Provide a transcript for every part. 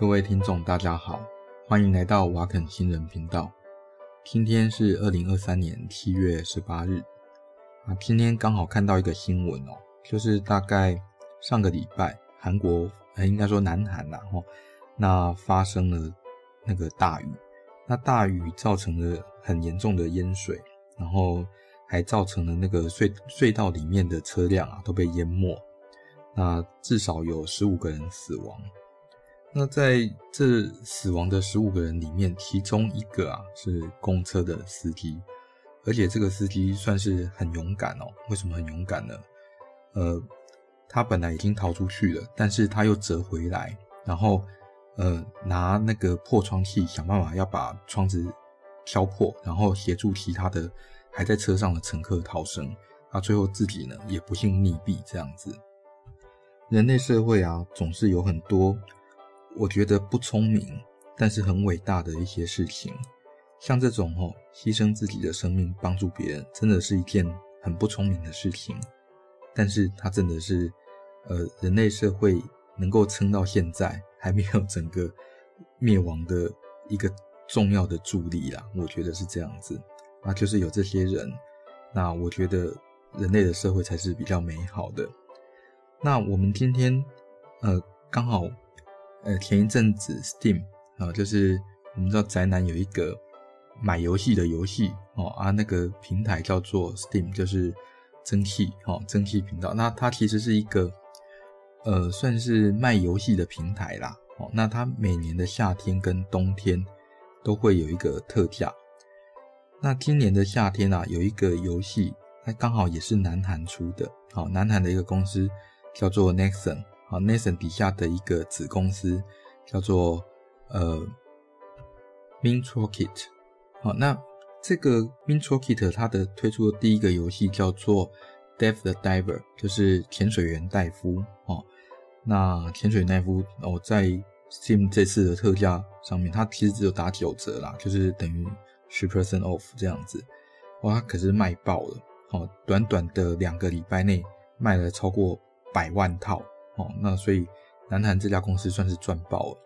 各位聽眾，大家好，歡迎來到瓦肯新聞頻道。今天是二零二三年七月十八日。啊，今天剛好看到一個新聞哦，就是大概上個禮拜，韓國，應該說南韓啦，哈，那發生了那個大雨，那大雨造成了很嚴重的淹水，然後還造成了那個隧隧道裡面的車輛啊都被淹沒，那至少有十五個人死亡。那在這死亡的十五個人裡面，其中一個啊是公車的司機，而且這個司機算是很勇敢哦、喔。為什麼很勇敢呢？呃，他本來已經逃出去了，但是他又折回來，然後呃拿那個破窗器想辦法要把窗子敲破，然後協助其他的還在車上的乘客逃生。他、啊、最後自己呢也不幸溺斃，這樣子。人類社會啊總是有很多。我覺得不聰明，但是很偉大的一些事情，像這種吼、喔、犧牲自己的生命幫助別人，真的是一件很不聰明的事情。但是它真的是，呃，人類社會能夠撐到現在還沒有整個滅亡的一個重要的助力啦。我覺得是這樣子，那就是有這些人，那我覺得人類的社會才是比較美好的。那我們今天呃，剛好。呃，前一陣子 Steam 啊，就是我們知道宅男有一個買遊戲的遊戲哦，啊，那個平台叫做 Steam，就是蒸汽哦，蒸汽頻道。那它其實是一個呃，算是賣遊戲的平台啦。哦，那它每年的夏天跟冬天都會有一個特價。那今年的夏天啊，有一個遊戲，它剛好也是南韓出的，哦，南韓的一個公司叫做 Nexon。好，Nexon 底下的一個子公司叫做呃 Mintrocket 好，那這個 Mintrocket 它的推出的第一個遊戲叫做《Dave the Diver》，就是潛水員戴夫，夫。哦，那潛水戴夫哦，在 Steam 這次的特價上面，它其實只有打九折啦，就是等於十 percent off 這樣子。哇，它可是賣爆了！哦，短短的兩個禮拜內賣了超過百萬套。哦，那所以南韓這家公司算是賺爆了。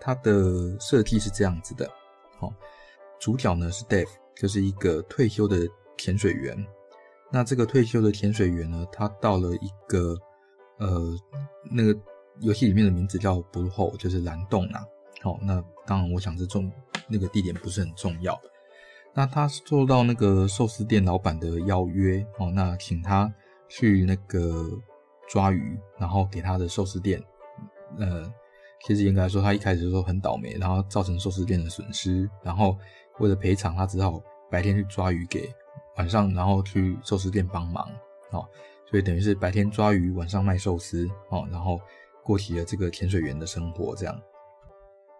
它的設計是這樣子的，哦，主角呢是 Dave，就是一個退休的潛水員。那這個退休的潛水員呢，他到了一個呃，那個遊戲裡面的名字叫 Bluehole 就是藍洞啊。好，那當然我想是重那個地點不是很重要。那他是受到那個壽司店老板的邀約，哦，那請他去那個。抓魚，然後給他的壽司店。呃，其實應該說，他一開始就說很倒霉，然後造成壽司店的損失，然後為了賠償，他只好白天去抓魚給晚上，然後去壽司店幫忙。哦，所以等於是白天抓魚，晚上賣壽司。哦，然後過起了這個潛水員的生活這樣。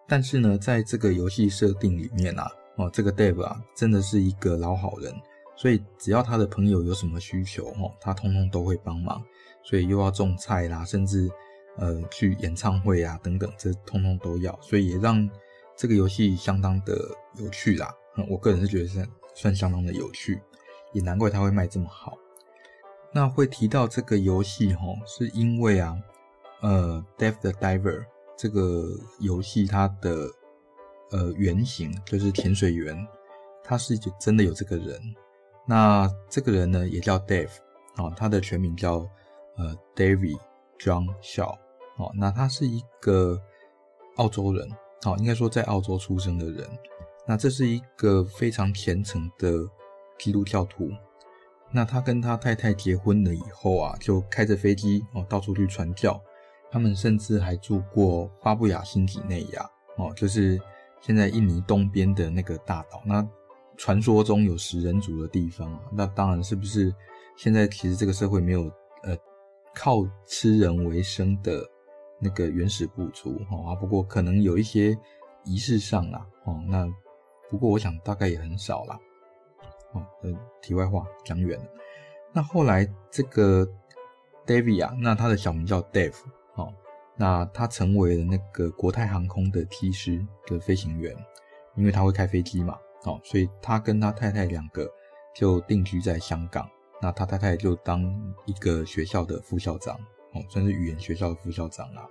但是呢，在這個遊戲設定裡面啊，哦，這個 Dave 啊，真的是一個老好人，所以只要他的朋友有什麼需求，哦，他通通都會幫忙。所以又要種菜啦，甚至，呃，去演唱會啊等等，這通通都要，所以也讓這個遊戲相當的有趣啦。嗯，我個人是覺得是算相當的有趣，也難怪他會賣這麼好。那會提到這個遊戲吼，哦，是因為啊，呃，《Dave the Diver》這個遊戲它的呃原型就是潛水員，他是就真的有這個人。那這個人呢也叫 Dave 啊，他的全名叫。呃，David John Shaw 哦，那他是一個澳洲人，哦，應該說在澳洲出生的人。那這是一個非常虔誠的基督教徒。那他跟他太太結婚了以後啊，就開着飛機哦，到處去傳教。他們甚至還住過巴布亞新幾內亞，哦，就是現在印尼東邊的那個大島，那傳說中有食人族的地方。那當然是不是？現在其實這個社會沒有。靠吃人為生的那個原始部族哦啊，不過可能有一些儀式上啦、啊，哦，那不過我想大概也很少啦，哦。嗯，題外話講遠了。那後來這個 David 啊，那他的小名叫 Dave 哦，那他成為了那個國泰航空的機師的、就是、飛行員，因為他會開飛機嘛哦，所以他跟他太太兩個就定居在香港。那他太太就當一個學校的副校長，哦，算是語言學校的副校長啦、啊。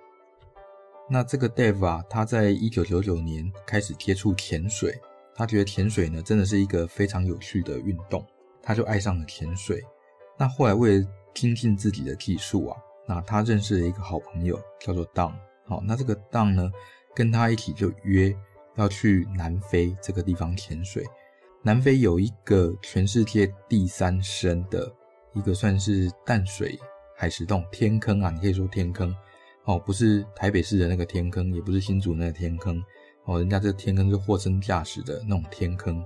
那這個 Dave 啊，他在一九九九年開始接觸潛水，他覺得潛水呢真的是一個非常有趣的運動，他就愛上了潛水。那後來為了精進自己的技術啊，那他認識了一個好朋友，叫做 Don。好、哦，那這個 Don 呢，跟他一起就約要去南非這個地方潛水。南非有一個全世界第三深的一個算是淡水海蝕洞天坑啊，你可以說天坑哦，不是台北市的那個天坑，也不是新竹那個天坑哦，人家這天坑是貨真價實的那種天坑。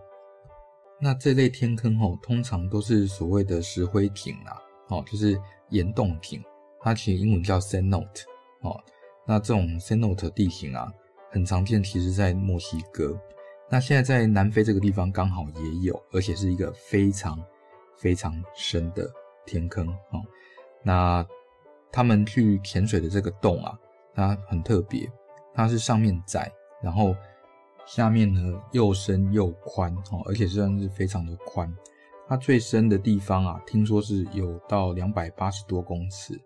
那這類天坑哦，通常都是所謂的石灰井啊，哦，就是岩洞井，它其實英文叫 cenote 哦。那這種 cenote 地形啊，很常見，其實在墨西哥。那現在在南非這個地方剛好也有，而且是一個非常非常深的天坑哦，那他們去潛水的這個洞啊，它很特別，它是上面窄，然後下面呢又深又寬哦，而且算是非常的寬。它最深的地方啊，聽說是有到兩百八十多公尺，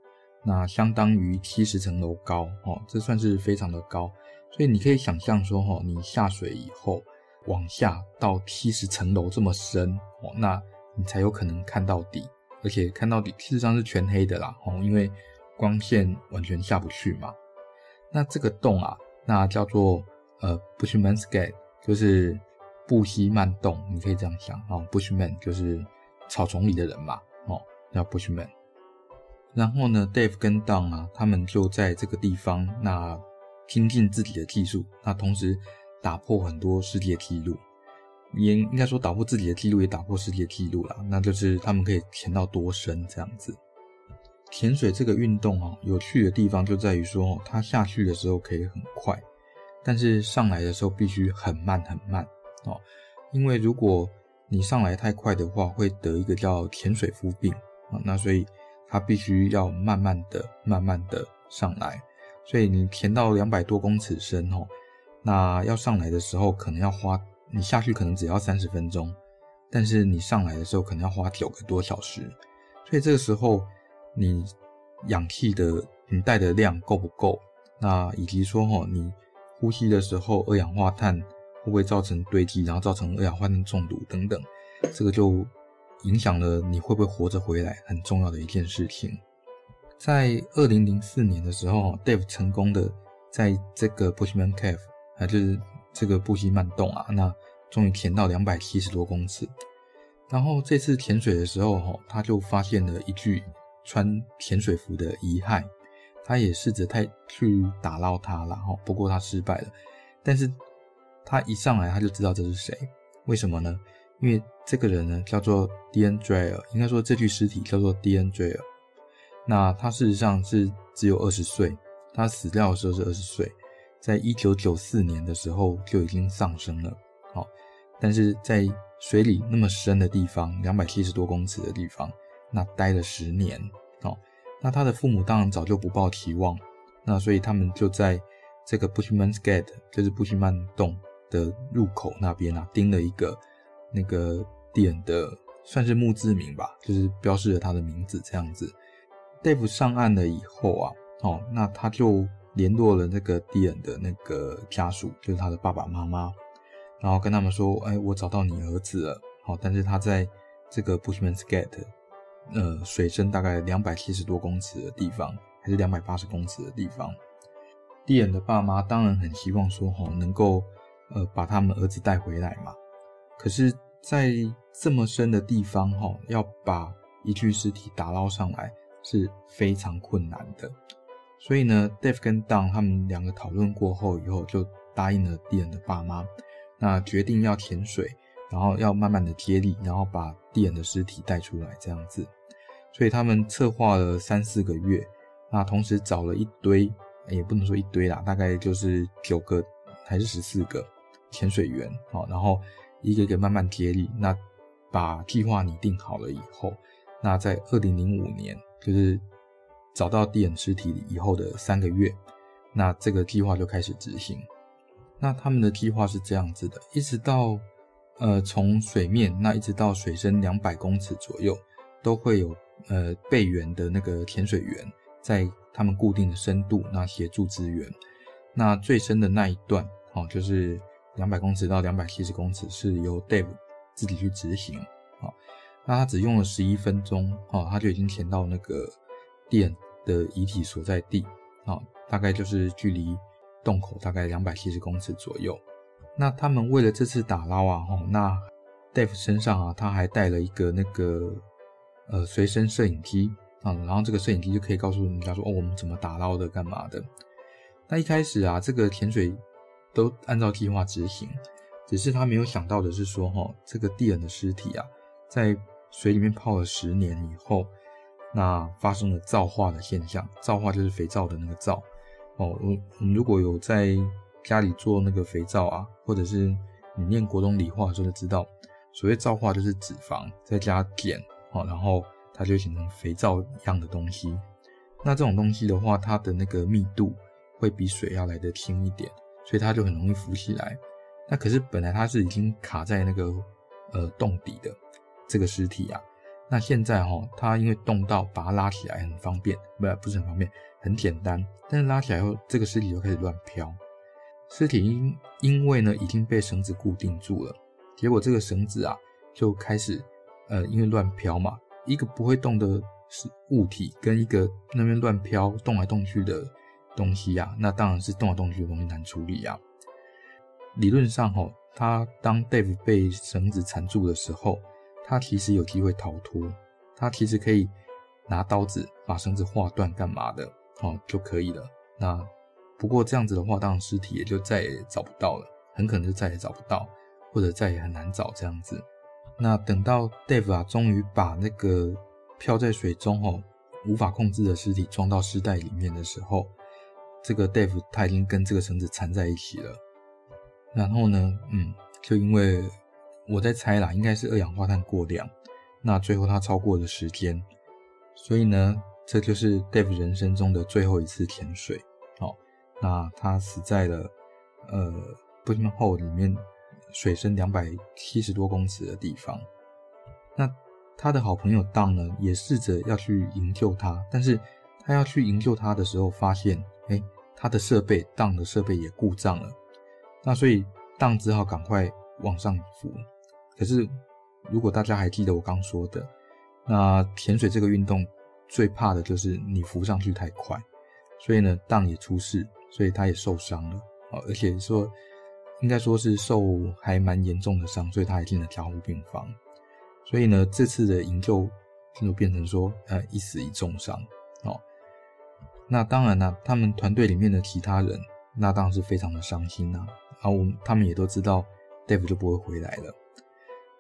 那相當於七十層樓高哦，這算是非常的高。所以你可以想象說，哈，你下水以後，往下到七十層樓這麼深，哦，那你才有可能看到底，而且看到底事實上是全黑的啦，因為光線完全下不去嘛。那這個洞啊，那叫做呃 Bushman's Gate，就是布希曼洞，你可以這樣想啊，哦，Bushman 就是草叢裡的人嘛，哦，叫 Bushman。然後呢，Dave 跟 Don 啊，他們就在這個地方那。精進自己的技術，那同時打破很多世界紀錄，也應該說打破自己的紀錄，也打破世界紀錄了。那就是他們可以潛到多深這樣子。潛水這個運動哦，有趣的地方就在於說，它下去的時候可以很快，但是上來的時候必須很慢很慢哦，因為如果你上來太快的話，會得一個叫潛水夫病啊。那所以它必須要慢慢的、慢慢的上來。所以你潛到兩百多公尺深哦，那要上來的時候可能要花，你下去可能只要三十分鐘，但是你上來的時候可能要花九個多小時。所以這個時候你氧氣的你帶的量夠不夠？那以及說吼，你呼吸的時候二氧化碳會不會造成堆積，然後造成二氧化碳中毒等等，這個就影響了你會不會活着回來，很重要的一件事情。在二零零四年的時候，Dave 成功的在這個波西曼 Cave，啊就是這個波西曼洞啊，那終於潛到兩百七十多公尺。然後這次潛水的時候，哈他就發現了一具穿潛水服的遺骸，他也試着太去打撈他啦，了後不過他失敗了。但是他一上來他就知道這是誰，為什麼呢？因為這個人呢叫做 Deon Dreyer，應該說這具屍體叫做 Deon Dreyer。那他事實上是只有二十歲，他死掉的時候是二十歲，在一九九四年的時候就已經喪生了。哦，但是在水裡那麼深的地方，兩百七十多公尺的地方，那待了十年。哦，那他的父母當然早就不抱期望，那所以他們就在這個布希曼斯蓋特，就是布希曼洞的入口那邊啊，釘了一個那個點的，算是墓誌銘吧，就是標示了他的名字這樣子。Dave 上岸了以後啊，哦，那他就聯絡了那個 Deon 的那個家屬，就是他的爸爸媽媽，然後跟他們說：“哎，我找到你兒子了，哦，但是他在這個 Bushman's Gate，呃，水深大概兩百七十多公尺的地方，還是兩百八十公尺的地方。Deon、嗯、的爸媽當然很希望說，哈、哦，能夠呃把他們兒子帶回來嘛。可是，在這麼深的地方，哈、哦，要把一具屍體打撈上來。”是非常困難的，所以呢，Dave 跟 Don 他們兩個討論過後以後，就答應了 Deon 的爸媽，那決定要潛水，然後要慢慢的接力，然後把 Deon 的屍體帶出來這樣子。所以他們策劃了三四個月，那同時找了一堆，也、欸、不能說一堆啦，大概就是九個還是十四個潛水員，然後一個一個慢慢接力，那把計劃擬定好了以後。那在二零零五年，就是找到地人屍體以後的三個月，那這個計劃就開始執行。那他們的計劃是這樣子的，一直到呃從水面那一直到水深兩百公尺左右，都會有呃備援的那個潛水員在他們固定的深度那協助支援。那最深的那一段，哦，就是兩百公尺到兩百七十公尺，是由 Dave 自己去執行。那他只用了十一分鐘，哈、哦，他就已經潛到那個蒂恩的遺體所在地，啊、哦，大概就是距離洞口大概兩百七十公尺左右。那他們為了這次打撈啊，哈、哦，那 Dave 身上啊，他還帶了一個那個呃隨身攝影機啊、哦，然後這個攝影機就可以告訴人家說，哦，我們怎麼打撈的，幹嘛的。那一開始啊，這個潛水都按照計劃執行，只是他沒有想到的是說，哈、哦，這個蒂恩的屍體啊，在水裡面泡了十年以後，那發生了皂化的現象。皂化就是肥皂的那個皂哦。你如果有在家裡做那個肥皂啊，或者是你念國中理化的時候就知道，所謂皂化就是脂肪再加鹼啊、哦，然後它就形成肥皂一樣的東西。那這種東西的話，它的那個密度會比水要來得輕一點，所以它就很容易浮起來。那可是本來它是已經卡在那個呃洞底的。這個屍體啊，那現在哈、哦，他因為動到把它拉起來很方便，不不是很方便，很簡單。但是拉起來後，這個屍體就開始亂飄。屍體因因為呢已經被繩子固定住了，結果這個繩子啊就開始呃，因為亂飄嘛，一個不會動的物體，跟一個那邊亂飄動來動去的東西啊，那當然是動來動去的東西難處理啊。理論上哈、哦，他當 Dave 被繩子纏住的時候，他其實有機會逃脫，他其實可以拿刀子把繩子劃斷，幹嘛的，哦，就可以了。那不過這樣子的話，當然屍體也就再也找不到了，很可能就再也找不到，或者再也很難找這樣子。那等到 Dave 啊，終於把那個漂在水中哦無法控制的屍體裝到屍袋裡面的時候，這個 Dave 他已經跟這個繩子纏在一起了。然後呢，嗯，就因為。我在猜啦，應該是二氧化碳過量。那最後他超過了時間，所以呢，這就是 Dave 人生中的最後一次潛水。哦，那他死在了呃，波西米後裡面水深兩百七十多公尺的地方。那他的好朋友當呢，也試着要去營救他，但是他要去營救他的時候，發現誒，他的設備當的設備也故障了。那所以當只好趕快往上浮。可是，如果大家還記得我剛說的，那潛水這個運動最怕的就是你浮上去太快，所以呢，當也出事，所以他也受傷了啊！而且說，應該說是受還蠻嚴重的傷，所以他也進了加護病房。所以呢，這次的營救就變成說，呃，一死一重傷哦。那當然了啊，他們團隊裡面的其他人，那當然是非常的傷心吶啊！我他們也都知道，戴夫就不會回來了。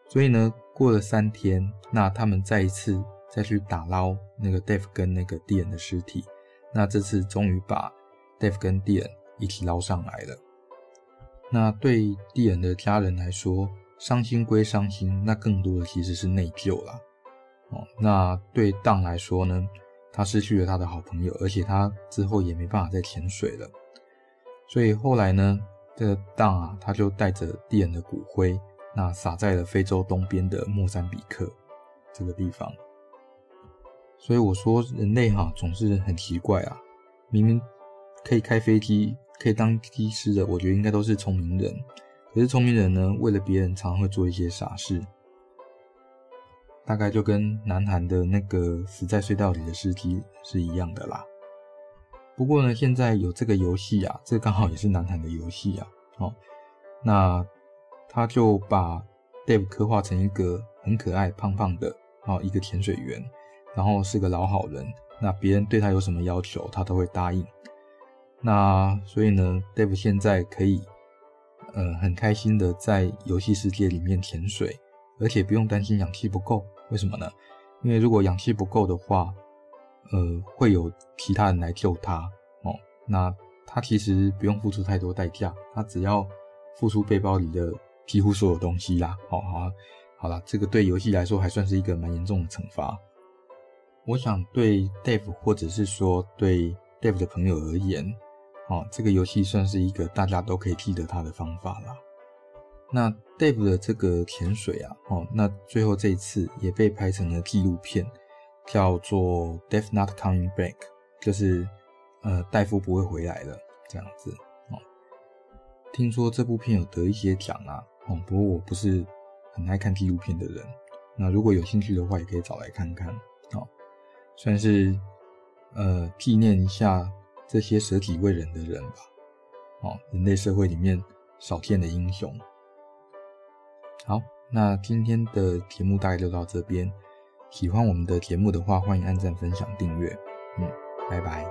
所以呢，過了三天，那他們再一次再去打撈那個 Dave 跟那個 Dian 的屍體，那這次終於把 Dave 跟 Dian 一起撈上來了。那對 Dian 的家人來說，傷心歸傷心，那更多的其實是內疚啦。哦，那對 Dang 來說呢，他失去了他的好朋友，而且他之後也沒辦法再潛水了。所以後來呢，這個 Dang 啊，他就帶着 Dian 的骨灰。那灑在了非洲東邊的莫桑比克這個地方，所以我說人類哈、啊、總是很奇怪啊，明明可以開飛機、可以當機師的，我覺得應該都是聰明人，可是聰明人呢，為了別人常常會做一些傻事，大概就跟南韓的那個死在隧道裡的司機是一樣的啦。不過呢，現在有這個遊戲啊，這剛、個、好也是南韓的遊戲啊，好、哦，那。他就把 Dave 刻畫成一個很可愛、胖胖的啊，一個潛水員，然後是個老好人。那別人對他有什麼要求，他都會答應。那所以呢，Dave 現在可以，呃，很開心的在遊戲世界裡面潛水，而且不用擔心氧氣不夠。為什麼呢？因為如果氧氣不夠的話，呃，會有其他人來救他哦。那他其實不用付出太多代價，他只要付出背包裡的。幾乎所有東西啦，哦、好好啦，這個對遊戲來說還算是一個蠻嚴重的懲罰。我想對 Dave 或者是說對 Dave 的朋友而言，哦，這個遊戲算是一個大家都可以記得他的方法啦。那 Dave 的這個潛水啊，哦，那最後這一次也被拍成了紀錄片，叫做《Dave Not Coming Back》，就是呃 Dave 不會回來了這樣子哦。聽說這部片有得一些獎啊。哦，不過我不是很愛看紀錄片的人，那如果有興趣的話，也可以找來看看，哦，算是呃紀念一下這些舍己為人的人吧，哦，人類社會裡面少見的英雄。好，那今天的節目大概就到這邊，喜歡我們的節目的話，歡迎按贊、分享、訂閱，嗯，拜拜。